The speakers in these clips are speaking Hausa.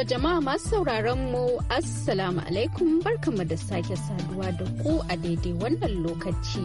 ga jama'a masu sauraron mu Assalamu alaikum barkamu da sake saduwa da ku a daidai wannan lokaci.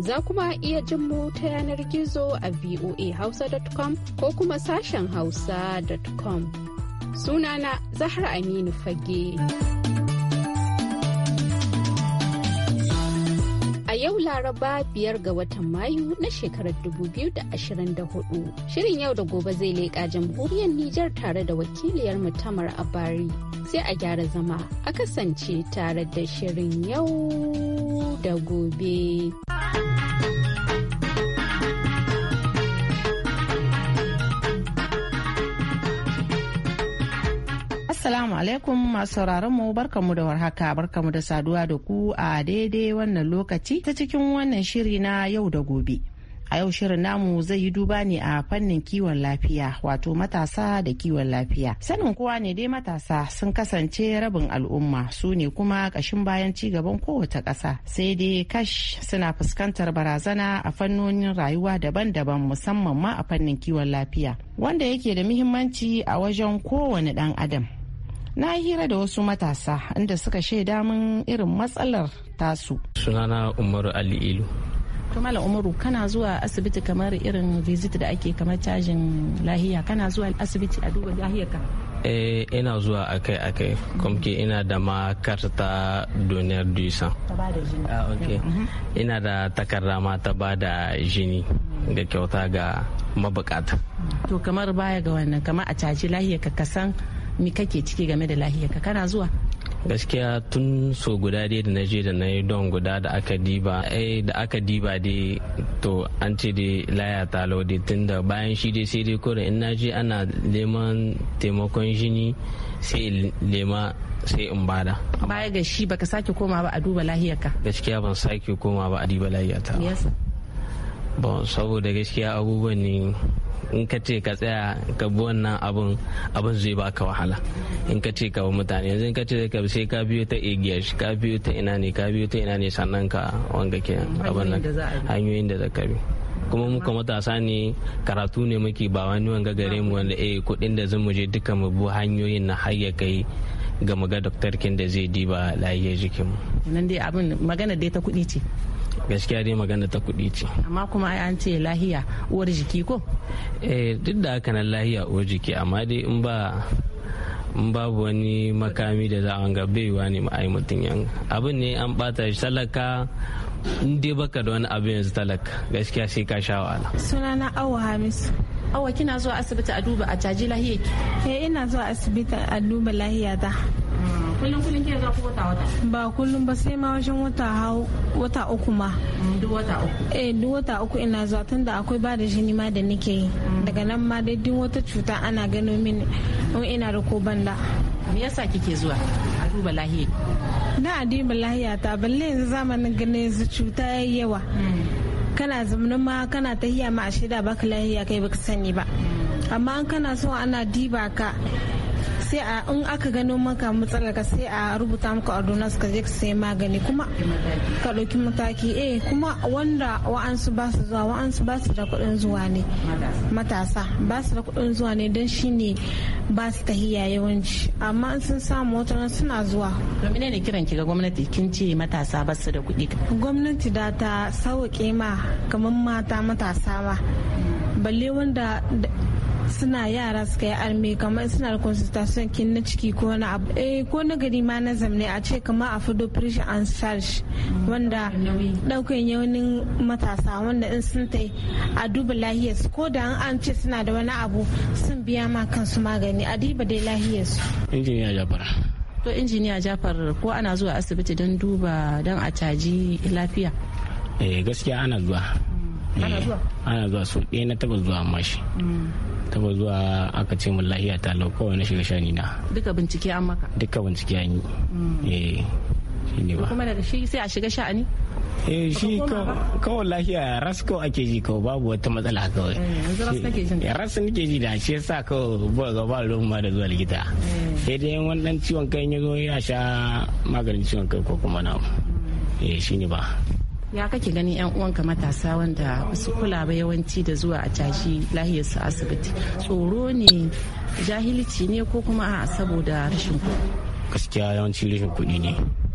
Za kuma iya jin mu ta yanar gizo a voahausa.com ko kuma sashen hausa.com. Sunana Zahra Aminu Fage. a yau laraba biyar ga watan mayu na shekarar 2024 shirin yau da gobe zai leƙa jamhuriyar nijar tare da wakiliyar mutamar a bari sai a gyara zama a kasance tare da shirin yau da gobe. Assalamu alaikum masu sauraron mu barkamu da warhaka barkamu da saduwa da ku a daidai wannan lokaci ta cikin wannan shiri na yau da gobe. a yau shirin namu zai yi duba ne a fannin kiwon lafiya wato matasa da kiwon lafiya sanin kowa ne dai matasa sun kasance rabin al'umma su ne kuma ƙashin bayan ci gaban kowace ƙasa sai dai kash suna fuskantar barazana a fannonin rayuwa daban-daban musamman ma a fannin kiwon lafiya wanda yake da muhimmanci a wajen kowane ɗan adam na hira da wasu matasa inda suka shaida min irin matsalar tasu sunana umaru ali ilu to malam umaru kana zuwa asibiti kamar irin visit da ake kamar cajin lahiya kana zuwa asibiti a duba lahiyar ka eh ina zuwa akai akai kuma ina da ma karta donor du sang ah okay mhm. ina da takarda ma ta bada jini da kyauta ga mabukata to kamar baya ga wannan kamar a caji lahiyar ka kasan me kake ciki game da lahiyar ka kana zuwa gaskiya tun so guda dai da na je da na yi don guda da aka diba ai eh, da aka diba dai to an ce dai laya ta laude tun da bayan shi dai sai dai kore in na je ana neman taimakon jini sai lema sai in bada. Baya ga shi baka sake koma ba a duba lahiyarka? Gaskiya ban sake koma ba a duba lahiyata. Yes. saboda gaskiya abubuwan ne in ka ce ka tsaya ka bi wannan abun abin zai baka wahala in ka ce ka bi mutane yanzu in ka ce ka sai ka biyo ta igiyar ka biyo ta ina ne ka biyo ta ina ne sannan ka wanga ke abin nan hanyoyin da za ka bi kuma muka matasa ne karatu ne muke ba wani wanga gare mu wanda eh kudin da zan je duka mu bu hanyoyin na har ya kai ga muga doktor kin da zai diba lafiyar jikin mu nan dai abin magana dai ta kudi ce gaskiya dai magana ta kuɗi ce amma kuma an ce lahiya uwar jiki ko eh duk da haka nan lahiya uwar jiki amma dai in ba in babu wani makami da za a ga baiwa ne ma'ai mutum yan abin ne an bata shi talaka in dai baka da wani abin yanzu talaka gaskiya sai ka sha wahala sunana awa hamisu awa kina zuwa asibiti a duba a caji lahiya ki eh ina zuwa asibiti a duba lahiya da. kullum kullum ke zuwa ko wata wata ba kullum ba sai ma wajen wata hau wata uku ma mm, duk wata uku eh duk wata uku ina zuwa tunda akwai ba da jini ma da nake yi mm. daga nan ma dai duk wata cuta ana gano mini in ina da ko banda me yasa kike zuwa a duba lahiya na a duba lahiya ta balle yanzu zamanin ganin cuta yayi yawa mm. kana zamanin ma kana tahiya ma a shaida baka lahiya kai baka sani ba amma an kana so ana diba ka sai a in aka gano maka matsalar ka sai a rubuta maka ordonance ka je ka sai magani kuma ka ɗauki mataki eh kuma wanda wa'ansu ba su zuwa wa'ansu ba su da kuɗin zuwa ne matasa ba su da kuɗin zuwa ne don shi ne ba su tahiya yawanci amma in sun samu wata suna zuwa domin ne kiran ki ga gwamnati kin ce matasa ba su da kuɗi gwamnati da ta sauke ma kamar mata matasa ma balle wanda suna yara suka yi arme kamar suna da consultation kin na ciki ko na abu eh ko na gari ma na zamne a ce kamar a fudo pressure and search wanda daukan yawanin matasa wanda in sun tai a duba lahiyar su ko da an ce suna da wani abu sun biya ma kansu magani a diba dai lahiyar su injiniya jabara to injiniya jafar ko ana zuwa asibiti don duba don a caji lafiya eh gaskiya ana zuwa ana eh, zuwa so ɗaya na taba zuwa mashi mm. taba zuwa aka ce mun lahiya ta lau kawai na shiga shani na duka bincike an maka duka bincike an yi mm. eh, shine ba kuma daga shi sai a shiga sha'ani eh shi kawai lahiya ras kawai ake ji kawai babu wata matsala kawai eh, eh, ras nake ji da shi ya sa kawai ba ga ba ruwan ma da zuwa likita sai dai wani ciwon kai ya zo ya sha maganin ciwon kai ko kuma na mm. eh shine ba ya kake ganin yan uwanka matasa wanda su kula ba yawanci da zuwa a tashi lahiyar su asibiti tsoro ne jahilci ne ko kuma a saboda rashin kuɗi gaskiya yawanci rashin kuɗi ne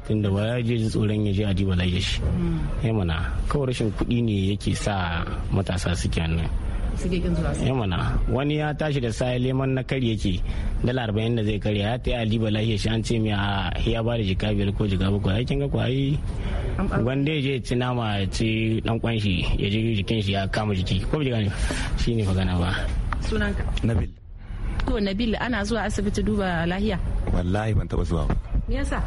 tunda ba ya je ji tsoron ya je a diba layyar shi ya hmm. eh kawai rashin kuɗi ne yake sa matasa suke nan suke kin zuwa yamana eh wani ya tashi da sai leman na kari yake dala 40 da zai karya ya ta yi aliba lahiya shi an ce mi a ya ba da jika biyar ko jika ba ai kin ga wanda ya je ci nama ya ci dan kwan shi ya je jikin shi ya kama jiki ko bi gane shine magana ba sunanka nabil to nabil ana zuwa asibiti duba lahiya wallahi ban taba zuwa ba me yasa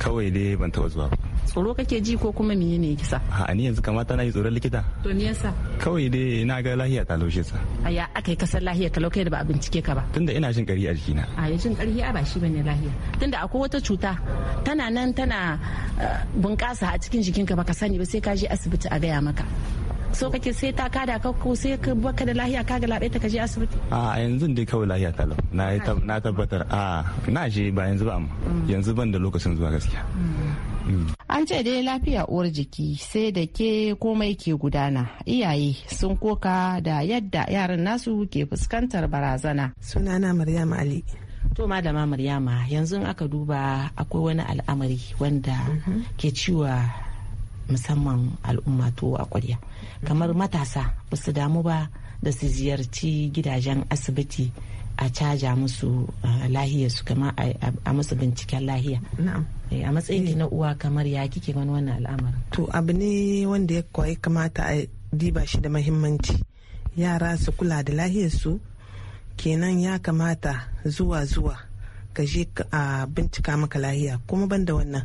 kawai dai ban taba zuwa ba tsoro kake ji ko kuma mene ne kisa a ni yanzu kamata na yi tsoron likita to ni yasa kawai dai na ga lahiya ta laushe sa a ya aka yi kasar lahiya ta lauke da ba a bincike ka ba tunda ina jin kari a jikina a ya jin kari a ba shi bane lahiya tunda akwai wata cuta tana nan tana eh, bunƙasa a cikin jikinka baka sani ba sai ka je asibiti a gaya maka so kake sai ta kada ka ko sai ka baka da lahiya ka ga labe ta ka je asibiti a yanzu dai kawai lahiya ta lau na tabbatar a na je ba yanzu ba amma mm. yanzu ban da lokacin zuwa gaskiya mm. An ce dai lafiya uwar jiki sai da ke komai ke gudana. Iyaye sun koka da yadda yaran nasu ke fuskantar barazana. Sunana Maryam Ali. To Madama Maryama yanzu aka duba akwai wani al'amari wanda mhm. ke ciwa musamman al'umma to a kwarya. Kamar matasa ba su damu ba da su ziyarci gidajen asibiti a caja musu lahiyar su kama a musu binciken lahiya eh, a matsayin eh. na uwa kamar ya kike gani wannan al'amarin to abu ne wanda ya kwaye kamata a diba shi da mahimmanci yara su kula da lahiyar su kenan ya kamata zuwa zuwa ka je a bincika maka lahiya kuma banda wannan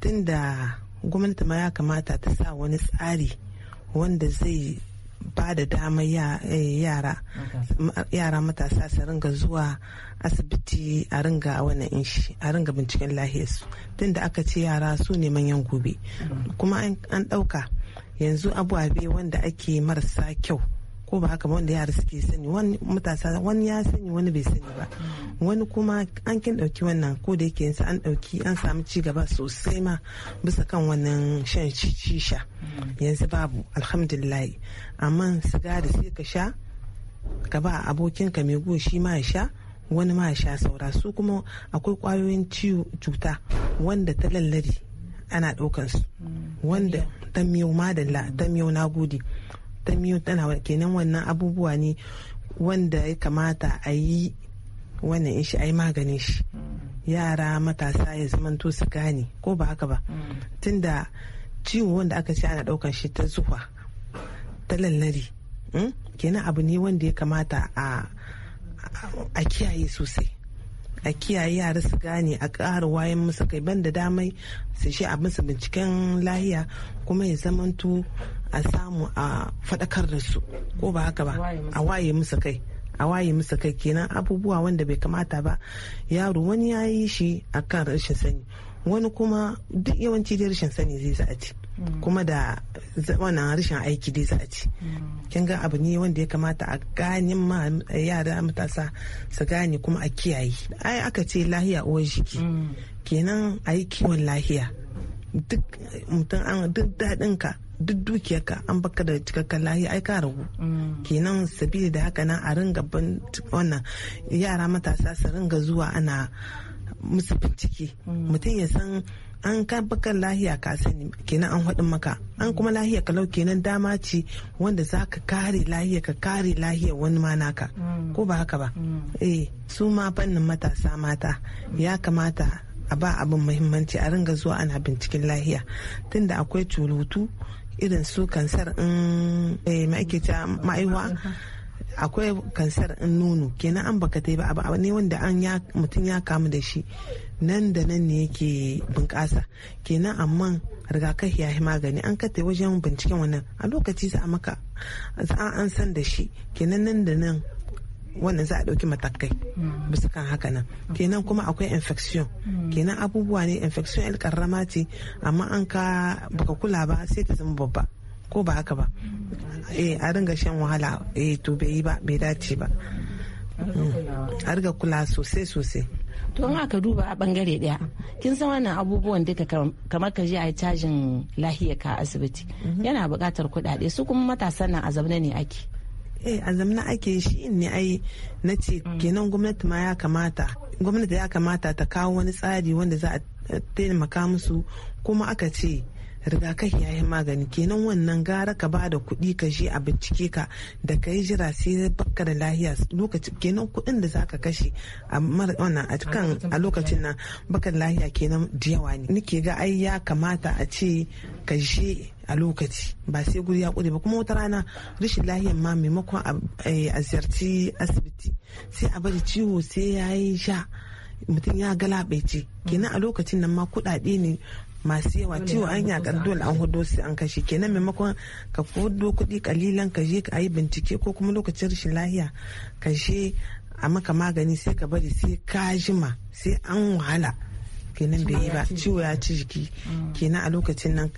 tunda gwamnati ma ya kamata ta sa wani tsari wanda zai ba da damar eh, yara yara matasa su ringa zuwa asibiti a ringa wannan inshi a ringa binciken lahiyarsu da aka ce yara su ne manyan gobe mm. kuma an ɗauka yanzu bai wanda ake marasa kyau ko ba haka ba wanda yara suke sani wani matasa wani ya sani wani bai sani ba wani kuma an kin dauki wannan ko da yake an dauki an samu ci gaba sosai ma bisa kan wannan shan shisha yanzu babu alhamdulillah amma sigari sai ka sha ka ba abokinka mai go shi ma ya sha wani ma ya sha saura su kuma akwai kwayoyin ciwo cuta wanda ta lallari ana ɗaukan su mm. wanda ta miyau madalla ta miyau na gode ta miyo tana kenan wannan abubuwa ne wanda ya kamata a yi wannan ishi ai maganin shi yara matasa ya to su gane ko ba haka ba tunda ciwo wanda aka ce ana daukan shi ta zuwa ta lallari hmm, kenan abu ne wanda ya kamata a kiyaye sosai a kiyaye yara su gane a ƙara wayan musu kai banda damai su shi a musu binciken lahiya kuma ya zamantu a samu a faɗakar da su ko ba haka ba a waye musu kai a waye musu kai kenan abubuwa wanda bai kamata ba yaro wani ya yi shi a kan rashin sani wani kuma duk yawanci da rashin sani zai sa a ci Mm. kuma da wannan rashin aiki dai za a ci mm. kin ga abu ne wanda ya kamata a gane ma yara matasa su gane kuma a kiyaye ai aka ce lahiya uwar jiki mm. kenan a yi kiwon lahiya duk mutum an duk daɗin ka duk ka an baka da cikakken lahiya ai ka ragu kenan sabili da haka nan a ringa wannan yara matasa su ringa zuwa ana musu bincike mutum ya san an ka kan lahiya ka sani kenan an haɗu maka an kuma lahiya kalau kenan dama ce wanda za ka kare lahiya ka kare lahiya wani ma naka mm. ko ba haka ba mm. eh su ma fannin matasa mata ya kamata a ba abin muhimmanci a ringa zuwa ana binciken lahiya tunda akwai turutu irin su kansar in ma'aikata ma'aiwa akwai kansar in nono kenan an baka ta ba abu ne wanda an ya mutum ya kamu da shi nan da nan ne yake bunƙasa kenan amma rigakafi ya magani an kata wajen binciken wannan a lokaci za a maka an san da shi kenan nan da nan wannan za a ɗauki matakai bisa kan haka nan kenan kuma akwai infection kenan abubuwa ne infection el karrama ce amma an ka baka kula ba sai ta zama babba ko ba haka ba eh, a ringa shan wahala eh, to bai yi ba bai dace ba mm. a riga kula sosai sosai to in aka duba a bangare daya kin san wannan abubuwan duka kamar ka je a cajin lahiya ka asibiti mhm. yana buƙatar kuɗaɗe su kuma matasan nan a ne ake eh a ake shi ne ai na ce mm. kenan gwamnati ma ya kamata gwamnati ya kamata ta kawo wani tsari wanda za a taimaka musu kuma aka ce rigakafi ya yi magani kenan wannan gara ka bada kuɗi ka je a bincike ka da ka yi jira sai baka da lahiya lokaci kenan kuɗin da zaka kashe a a lokacin nan baka da lahiya kenan da yawa ne nake ga ai ya kamata a ce ka je a lokaci ba sai guri ya kure ba kuma wata rana rashin lahiyar ma maimakon eh, a ziyarci asibiti sai a bari ciwo sai ya yi sha mutum ya galabaice kenan a lokacin nan ma kuɗaɗe ne masu yawa ciwo an yakan dole an hudo su an kashe kenan maimakon ka kudo kuɗi kalilan ka je ka yi bincike ko kuma lokacin rashin lahiya ka je a maka magani sai ka bari sai ka jima sai an wahala kenan bai yi ba ciwo ya ci jiki mm. kenan a lokacin nan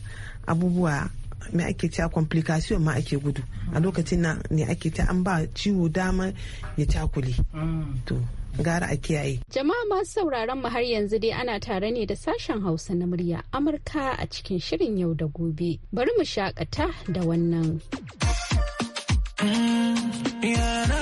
abubuwa me ake cewa complication ma ake gudu a lokacin na ne ake ta an ba ciwo dama ya cakule mm. to gara a kiyaye. Jama'a masu sauraron mu har yanzu dai ana tare ne da sashen Hausa na murya Amurka a cikin shirin yau da gobe. Bari mu shakata da wannan. Eh, eh,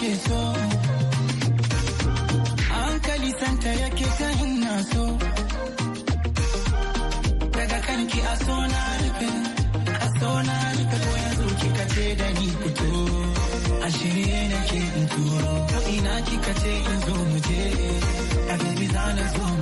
yake so hankali santa yake ta so daga kanki a so na rufe a so na rufe ko yanzu kika ce da ni fito a shirye nake in turo ko ina kika ce in zo mu je a bibi zanen zo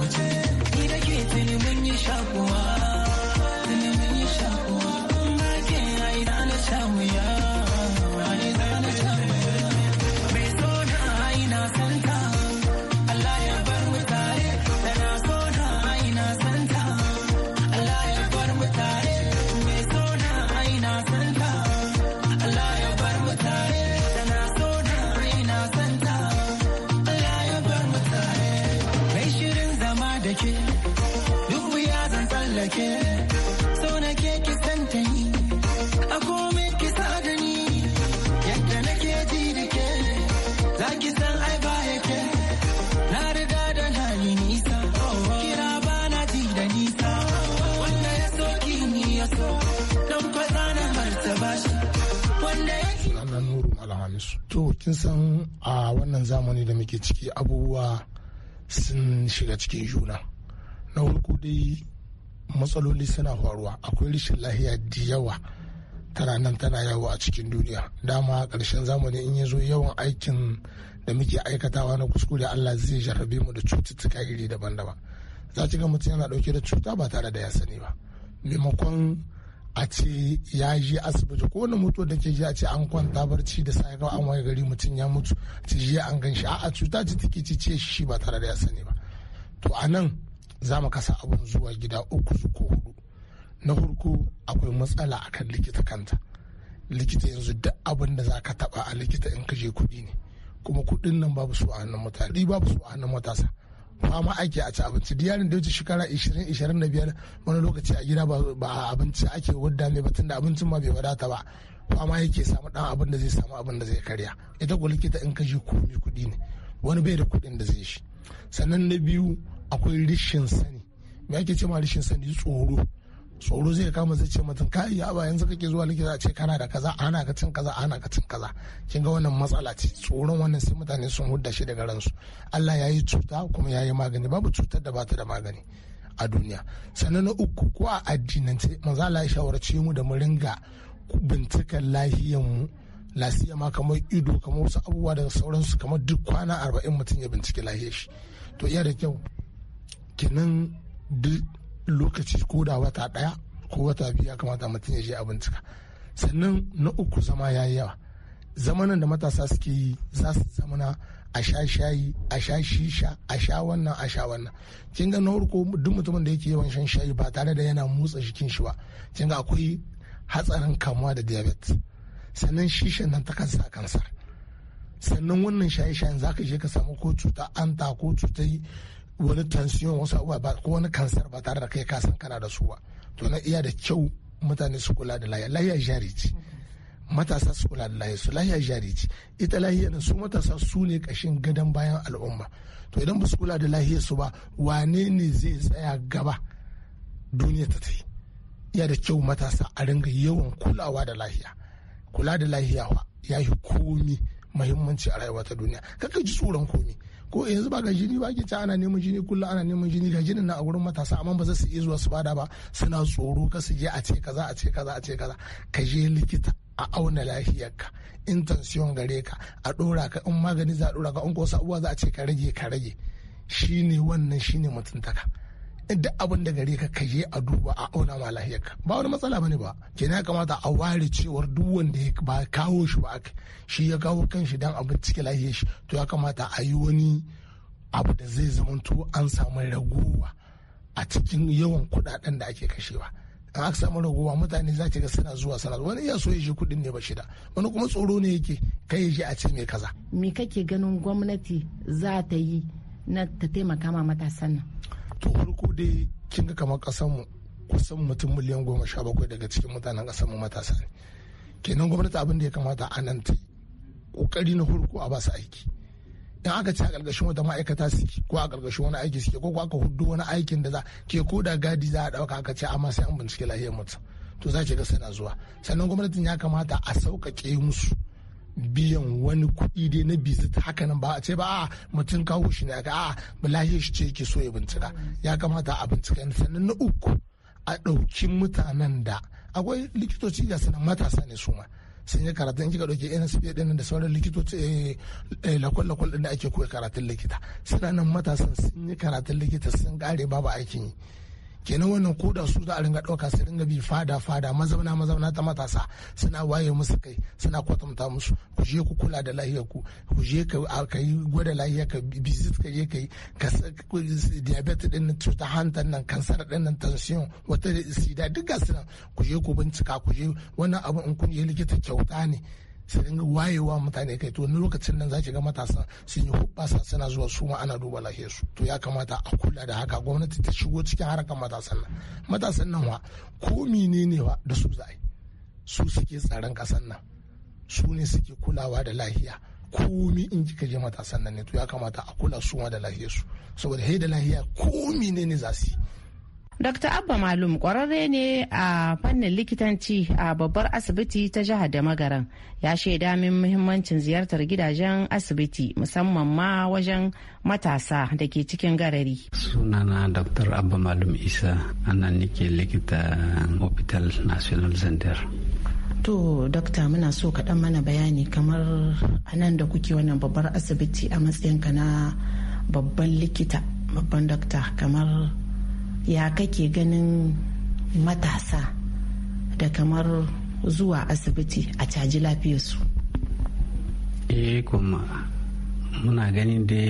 kin san a wannan zamani da muke ciki abubuwa sun shiga cikin juna na farko dai matsaloli suna faruwa akwai rashin lahiya da yawa tana nan tana yawo a cikin duniya dama ƙarshen zamani in ya zo yawan aikin da muke aikatawa na kuskure allah zai jarrabe mu da cututtuka iri daban-daban za ki ga mutum yana ɗauke da cuta ba tare da ya sani ba maimakon a ce ya je asibiti ko wani mutu da ke ji a ce an kwanta barci da sai an waye gari mutum ya mutu ce je an gan shi a'a cuta ce take ci ce shi ba tare da ya sani ba to a nan za mu kasa abun zuwa gida uku ko hudu na farko akwai matsala akan likita kanta likita yanzu duk abin da za ka taba a likita in ka je kuɗi ne kuma kuɗin nan babu su a hannun mutane babu su a hannun matasa fama ake a ci abinci diyarin da wuce shekara 20-25 wani lokaci a gida ba abinci ake wadda ne batun da abincin ma bai wadata ba fama yake samu dan abin da zai samu abin da zai karya ita ko likita in ka je komi kudi ne wani bai da kudin da zai shi sannan na biyu akwai rishin sani me ake ce ma rishin sani tsoro tsoro zai kama zai ce mutum kai ya ba yanzu kake zuwa likita ce kana da kaza ana ka cin kaza ana ka cin kaza kin ga wannan matsala ce tsoron wannan sai mutane sun hudda shi daga ransu Allah ya yi cuta kuma ya yi magani babu cutar da bata da magani a duniya sannan na uku ko a addinance manzo Allah ya shawarce mu da mu ringa binciken lahiyan mu lasiya ma kamar ido kamar wasu abubuwa da sauransu kamar duk kwana arba'in mutum ya binciki lahiyar shi to iya da kyau kenan duk lokaci ko da wata ɗaya ko wata biyu ya kamata mutum ya je a bincika sannan na uku zama ya yi yawa zamanin da matasa suke yi za su zamana a sha shayi a sha shisha a sha wannan a sha wannan kin ga na farko duk mutumin da yake yawan shan shayi ba tare da yana motsa jikin shi ba kin ga akwai hatsarin kamuwa da diabetes sannan shishan nan ta kansa kansar sannan wannan shaye-shayen za ka je ka samu ko cuta anta ko cutai wani tansiyon wasu abubuwa ba ko wani kansar ba tare da kai ka san kana da su ba to na iya da kyau mutane su kula da lahiya lahiya jariji matasa su kula da lahiya su lahiya jariji ita lahiya su matasa su ne kashin gadon bayan al'umma to idan ba su kula da lahiyar su ba wane ne zai tsaya gaba duniya ta ta yi iya da kyau matasa a ringa yawan kulawa da lahiya kula da lahiya ya yi komi muhimmanci a rayuwa ta duniya kakka ji tsoron komi ko yanzu ba ga jini ba ke ta ana neman jini kullum ana neman jini ga jinin na a gurin matasa amma ba za su iya zuwa su bada ba suna tsoro ka su je a ce kaza a ce kaza a ce kaza ka je likita a auna lafiyarka in tansiyon gare ka a dora ka in magani za a dora ka in ko sabuwa za a ce ka rage ka rage shine wannan shine mutuntaka duk abin da gare ka kaje a duba a auna ma lahiyarka ba wani matsala bane ba ke ya kamata a ware cewar duk wanda ya ba kawo shi ba shi ya kawo kan kanshi dan abin cikin lahiyar shi to ya kamata a yi wani abu da zai zamanto an samu ragowa a cikin yawan kudaden da ake kashewa an aka samu ragowa mutane za ga suna zuwa sana wani iya so ya je kudin ne ba shida wani kuma tsoro ne yake kai ya je a ce mai kaza me kake ganin gwamnati za ta yi na ta taimaka ma matasan nan to farko dai kin ga kamar kasan mu kusan mutum miliyan goma sha bakwai daga cikin mutanen kasan mu matasa ne kenan gwamnati abin da ya kamata a nan ta kokari na farko a ba su aiki in aka ce a ƙarƙashin wata ma'aikata suke ko a ƙarƙashin wani aiki suke ko aka hudu wani aikin da za ke ko da gadi za a ɗauka aka ce amma sai an bincike lafiyar mutum to za ki ga sana zuwa sannan gwamnatin ya kamata a sauƙaƙe musu biyan wani kuɗi dai na bizit haka ba a ce ba a mutum kawo shi ne a a bulahi shi ce yake so ya bincika ya kamata a bincika sannan na uku a ɗauki mutanen da akwai likitoci ga sanan matasa ne su ma sun yi karatun kika ɗauki nsp ɗin da sauran likitoci eh, eh, lakwal-lakwal ɗin da ake koya karatun likita suna nan matasan sun yi karatun likita sun kare babu aikin yi kenan wannan koda su za a ringa ɗauka su ringa bi fada fada mazauna mazauna ta matasa suna waye musu kai suna kwatanta musu ku je ku kula da lahiyar ku ku je ka yi gwada lahiyar ka bizit ka je ka yi diabetes din cuta hantar nan kansar din nan tension wata sida duka suna ku je ku bincika ku je wannan abu in kun je likita kyauta ne sai dinga wayewa mutane kai to wani lokacin nan za ga matasan sun yi hubbasa suna zuwa su ma ana duba lafiyar su to ya kamata a kula da haka gwamnati ta shigo cikin harkar matasan nan matasan nan wa ko ne wa da su za su suke tsaron kasan nan su ne suke kulawa da lahiya komi in kika je matasan nan ne to ya kamata a kula su ma da lahiyar su saboda hai da lahiya komi ne ne za su yi Dr. Abba Malum kwararre ne a fannin likitanci a babbar asibiti ta jihar da magaran ya shaida min muhimmancin ziyartar gidajen asibiti musamman ma wajen matasa da ke cikin garari. Sunana Dr. Abba Malum Isa anan nike likita Hospital National Center. To, Dokta muna so kaɗan mana bayani kamar anan da kuke wannan babbar asibiti a matsayinka na babban likita babban dokta kamar ya kake ganin matasa da kamar zuwa asibiti a caji lafiyarsu eh kuma muna ganin da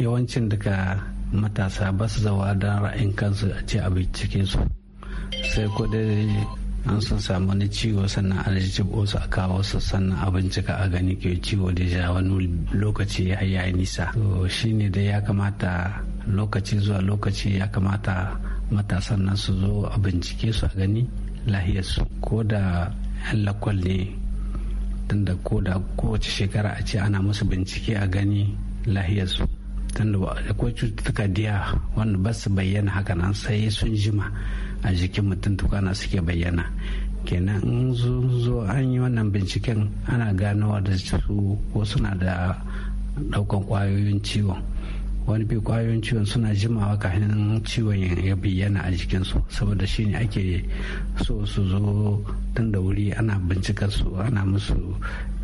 yawancin daga matasa ba su zawa don ra'ayin kansu a ce a bincike su sai ko dai an sun samu ni ciwo sannan a cibo su a kawo su sannan a bincika a gani ke ciwo da ja wani lokaci ya yi nisa to shine da ya kamata lokaci zuwa lokaci ya kamata matasan nan su zo a bincike su a gani lahiyarsu ko da lakwal ne tunda ko da kowace shekara a ce ana musu bincike a gani lahiyarsu tunda ko cututtuka diya wanda ba su bayyana haka nan sai sun jima a jikin mutum tukana suke bayyana kenan in zo an yi wannan binciken ana ganowa da su ko suna da daukan kwayoyin ciwon wani bi kwayoyin ciwon suna jimawa kafin ciwon ya bayyana a jikinsu saboda shi ne ake so su zo tun da wuri ana bincika su ana musu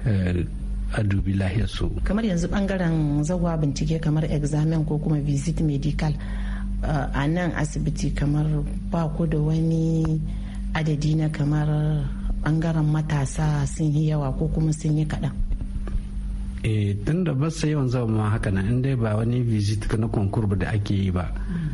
eh, a dubi lahiyarsu kamar yanzu bangaren zawa bincike kamar examen ko kuma visit medical eh, a nan asibiti kamar ba ku da wani adadi na kamar bangaren matasa sun yi yawa ko kuma sun yi kaɗan eh tunda ba sai yawan zama ma haka nan in dai ba wani visit na konkur da ake yi ba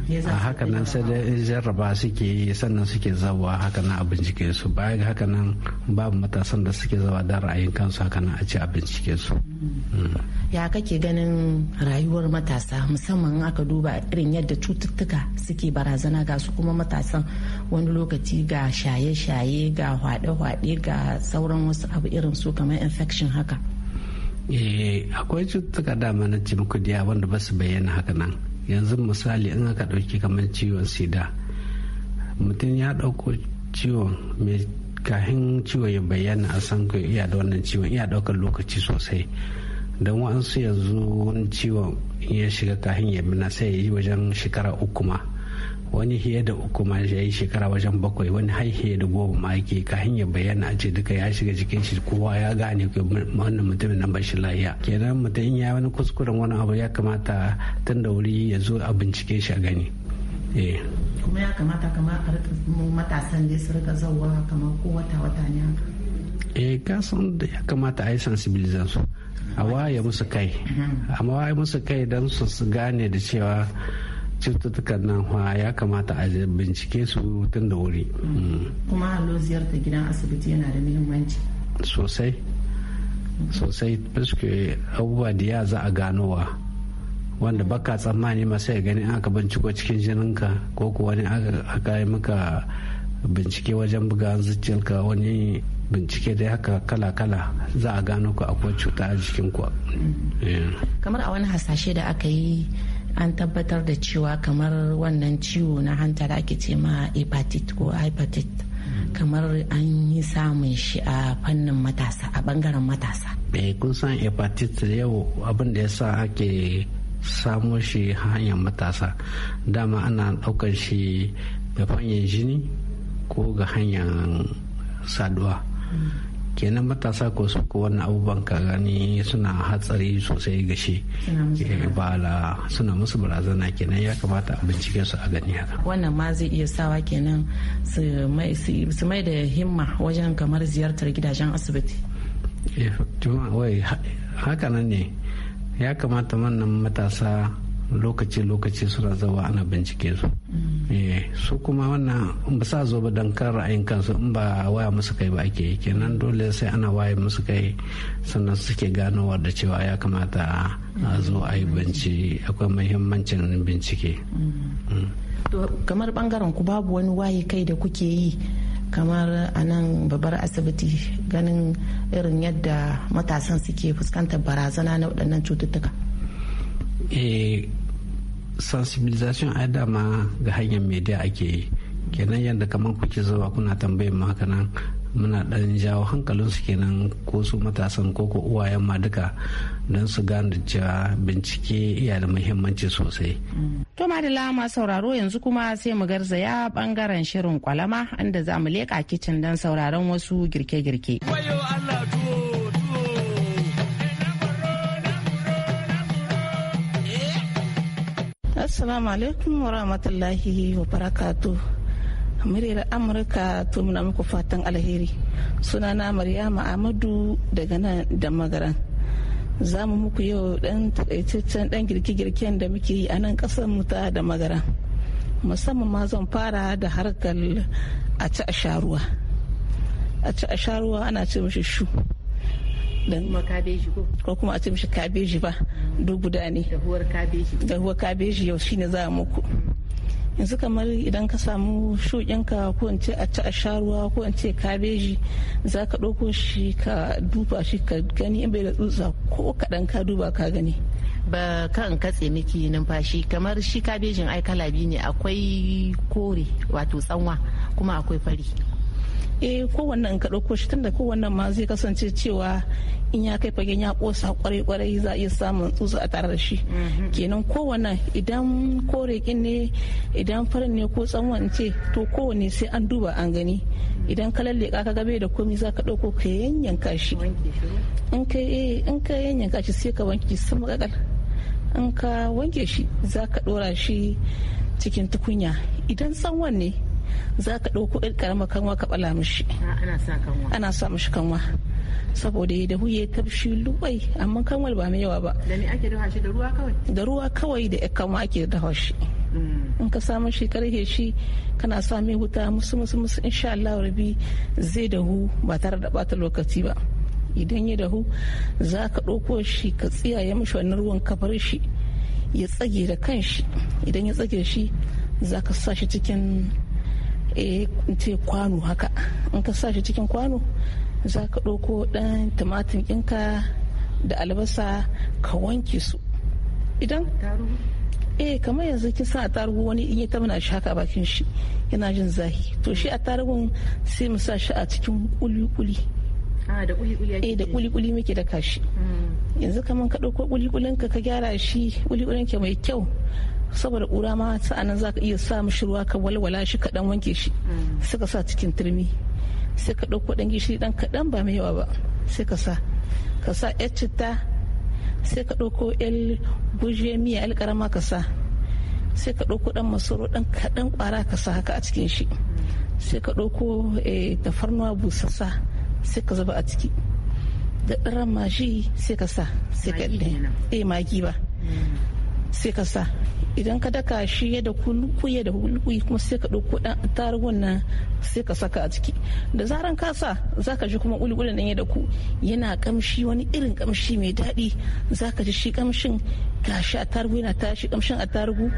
mm, a haka nan sai da jarraba suke yi sannan suke zawa haka nan a bincike su ba ga haka nan babu matasan da suke zawa da ra'ayin kansu haka nan a ci a bincike su mm. Mm. ya kake ganin rayuwar matasa musamman aka duba irin yadda cututtuka suke barazana ga su kuma matasan wani lokaci ga shaye-shaye ga hwaɗe-hwaɗe ga sauran wasu abu irin su kamar infection haka eh akwai cututtuka dama na cimkudiya wanda ba su bayyana haka nan yanzu misali in aka ɗauki kamar ciwon sida mutum ya ɗauko ciwon mai kahin ciwon ya bayyana a san ko iya da wannan ciwon iya ɗaukar lokaci sosai don wa'ansu yanzu wani ciwon ya shiga kahin ya bina sai ya yi wajen shekara uku ma wani hiye da uku ma ya yi shekara wajen bakwai wani har hiye da goma ma yake ka hanya bayyana a ce duka ya shiga jikin shi kowa ya gane ko wannan mutumin nan bashi lahiya kenan mutum ya wani kuskuren wani abu ya kamata tun da wuri ya zo a bincike shi a gani eh. kuma ya kamata kamar matasan da su rika zauwa kamar ko wata wata ne haka eh kasan da ya kamata a yi sensibilizansu a waye musu kai amma waye musu kai don su gane da cewa cututtukan nan ya kamata a bincike su tun da wuri mm. kuma hallo ziyartar gidan asibiti yana da muhimmanci sosai sosai fuske abubuwa da ya za a ganowa wanda baka tsammani masu ya gani aka binciko cikin jininka ko kuwa wani aka yi maka bincike wajen buga zuciyarka wani bincike da haka kala-kala za a gano ku akwai cuta a jikin ku mm. kamar a wani hasashe da aka yi an tabbatar da cewa kamar wannan ciwo na hanta da ake ce ma hepatitis ko hepatitis kamar an yi samun shi a fannin matasa a bangaren matasa. Eh kun san hepatitis yau abin da ya sa ake samo shi hanyar matasa dama ana ɗaukar shi ga hanyar jini ko ga hanyar saduwa mm. kenan matasa ko su ko wannan abubuwan ka gani suna hatsari sosai gashi eh, bala suna musu barazana kenan ya kamata a bincike su a gani haka wannan ma zai iya sawa kenan su mai da himma wajen kamar ziyartar gidajen asibiti eh, haka nan ne ya kamata wannan matasa lokaci-lokaci suna zawa ana bincike su mm. eh, su kuma wannan ba sa zo ba don kan ra'ayin kansu in ba waya musu kai ba ake kenan dole sai ana waye musu kai sannan suke ganowa da cewa ya kamata a zo a yi bincike akwai muhimmancin bincike mm. Mm. kamar bangaren ku babu wani waye kai da kuke yi kamar a nan babbar asibiti ganin irin yadda matasan suke fuskantar barazana na waɗannan cututtuka Eh, sensibilisation ai dama ga hanyar media ake yi kenan yadda kamar kuke zuwa kuna tambayin ma nan muna ɗan jawo hankalinsu kenan ko su matasan ko ko uwayen ma duka don su gane cewa bincike iya da muhimmanci sosai. To madala masu sauraro yanzu kuma sai mu garzaya bangaren shirin kwalama inda za mu leƙa kicin don sauraron wasu girke-girke. Allah Assalamu alaikum wa rahmatullahi wa barakatu. Muryar Amurka to muna muku fatan alheri. Sunana Maryama Amadu daga nan da magaran. Za mu muku yau ɗan takaitaccen dan girke-girken da muke yi a nan kasar mu ta da magaran. Musamman ma zan fara da harkar a ci a sharuwa. A ci a sharuwa ana ce mashi shu. dan kabeji ko ko kuma a ce mishi kabeji ba duk guda ne dahuwar kabeji dahuwar kabeji yau shine za muku yanzu kamar idan ka samu shuƙinka ko in ce a ci a sha ko in ce kabeji za ka ɗauko shi ka duba shi ka gani in bai da tsutsa ko kaɗan ka duba ka gani ba kan katse miki numfashi kamar shi kabejin ai kala biyu ne akwai kore wato tsanwa kuma akwai fari E kowanne in ka ɗauko shi tunda kowanne ma zai kasance cewa in ya kai fagen ya kosa kwarai kwarai za a iya samun tsutsu a tare da shi mhm. kenan kowanne idan korekin ne idan farin ne ko tsawon ce to kowanne sai an duba an gani idan ka lalle ka gabe da komi za ka ɗauko ka yanyanka shi eh, in ka yanyanka shi sai ka wanke sama kakal in ka wanke shi za ka ɗora shi cikin tukunya idan tsawon ne za ka ɗauko ɗin karama kanwa ka bala mishi ah, ana sa mishi kanwa saboda da huye tafshi lubai amma kanwal ba mai yawa ba da ruwa kawai da ruwa kawai da kanwa ake dafa shi mm. in ka samu shi karhe shi kana sa mai wuta musu musu musu insha Allah rabi zai dahu ba tare da bata lokaci ba idan ya dahu za ka ɗauko shi ka tsiyaye mishi wannan ruwan ka bar shi ya tsage da kanshi idan ya tsage shi za ka sa shi cikin eh ce kwano haka in ka sa shi cikin kwano za ka ɗauko ɗan tumatir ɗinka da albasa ka wanke su idan eh kamar yanzu kin san attarugu wani in ya tabbana shi haka bakin shi yana jin zahi to shi attarugun sai mu sa shi a cikin kuli-kuli ah, eh da kuli-kuli muke da kashi hmm. yanzu kamar ka ɗauko kuli ka gyara shi kuli mai kyau saboda ƙura ma sa'anan za ka iya sa mishi ruwa ka walwala shi kaɗan wanke shi mm. sai ka sa cikin turmi sai ka ɗauko ɗan gishiri ɗan kaɗan ba mai yawa ba sai ka sa ka sa yar citta sai ka ɗauko yar guje miya yar ƙarama ka sa sai ka ɗauko ɗan masoro ɗan kaɗan ƙwara ka sa haka a cikin shi sai ka ɗauko eh, tafarnuwa busassa sai ka zuba a ciki da ɗan mashi sai ka sa sai ka ɗaya eh magi ba mm. sai ka sa idan ka daka shi ya da da kuyi kuma sai ka ɗauko ɗan tarugun nan sai ka saka a ciki da zaran ka sa za ka ji kuma ƙulƙulin nan ya da ku yana kamshi wani irin kamshi mai daɗi za ka ji shi kamshin ga shi a tarugu yana tashi kamshin a tarugu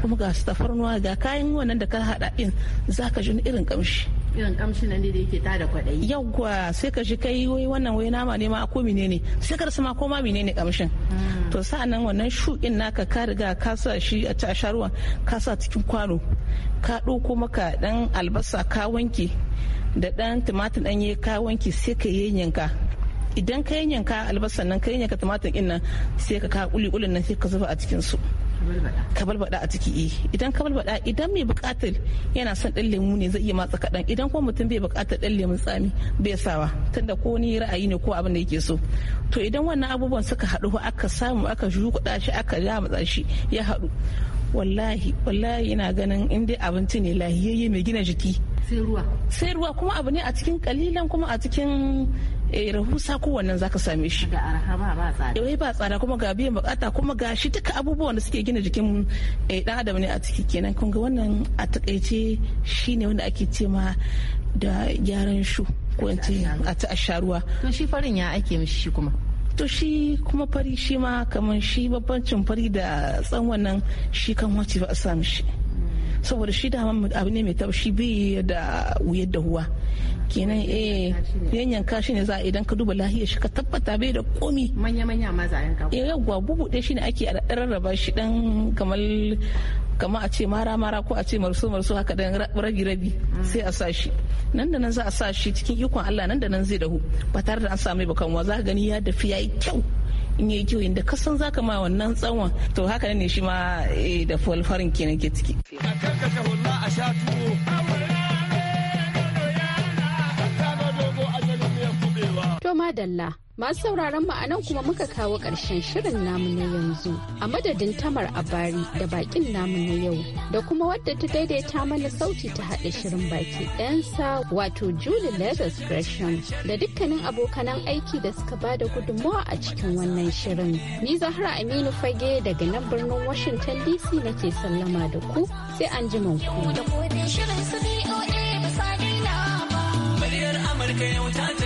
kuma ga su tafarnuwa ga kayan wannan da ka haɗa ɗin za ka ji wani irin kamshi. irin kamshin nan da yake tada kwaɗayi. kuwa sai ka shi kai wai wannan wai nama ne ma ko menene sai ka rasa ma ko ma menene kamshin. Hmm. To sa'annan wannan shuɗin naka ka riga ka sa shi a ta sharuwa ka sa cikin kwano ka ɗauko maka ɗan albasa ka wanke da ɗan tumatir ɗanye ka wanke sai ka yanyanka idan ka yanyanka albasan nan ka yanyanka tumatir ɗin nan sai ka ka kuli kulin nan sai ka zuba a cikin su. kabalbada a ciki eh idan kabalbada idan mai bukatar yana son dan lemu ne zai iya matsa kadan idan kuma mutum bai bukatar dan lemun tsami bai sawa tunda ko ni ra'ayi ne ko abin da yake so to idan wannan abubuwan suka haɗu aka samu aka shukuɗa shi aka matsa shi ya haɗu wallahi wallahi ina ganin in dai abinci ne lahiyayye mai gina jiki sai ruwa sai ruwa kuma abu ne a cikin kalilan kuma a cikin eh, rahusa kowannen zaka same shi da arha ba tsada eh, ba tsada kuma ga biyan bukata kuma ga shi duka abubuwan da suke gina jikin eh, dan adam ne a ciki kenan kun ga wannan a takaice shine wanda ake ce ma da gyaran shu ko a ta asharuwa to shi farin ya ake mishi shi kuma to shi kuma fari shi ma kamar shi babbancin fari da tsan wannan shi kan wace ba a samu shi saboda shi da abu ne mai shi bai da wuyar da huwa kenan eh yanka shi ne za a idan ka duba lahiyar shi ka tabbata bai da komi manya manya ma za a yanka eh yawwa bubu ɗaya shi ne ake rarraba shi dan kamar kama a ce mara mara ko a ce marso marso haka dan ragi rabi mm. sai a sa shi nan da nan za a sa shi cikin ikon Allah nan da nan zai dahu ba tare da an samu bakanwa za ka gani ya dafi yayi kyau in yayi kyau inda ka kasan zaka ma wannan tsawon to haka ne shi ma eh, da farin kenan ke ciki a sha tuwo madalla. Masu sauraron ma'anan kuma muka kawo ƙarshen shirin namu na yanzu a madadin tamar abari da bakin namu na yau da kuma wadda ta daidaita mana sauti ta haɗa shirin baki ɗansa wato Julie Leathers Gresham da dukkanin abokanan aiki da suka ba da gudunmawa a cikin wannan shirin. Ni Zahra Aminu Fage daga nan birnin Washington DC nake sallama da ku sai an ji ta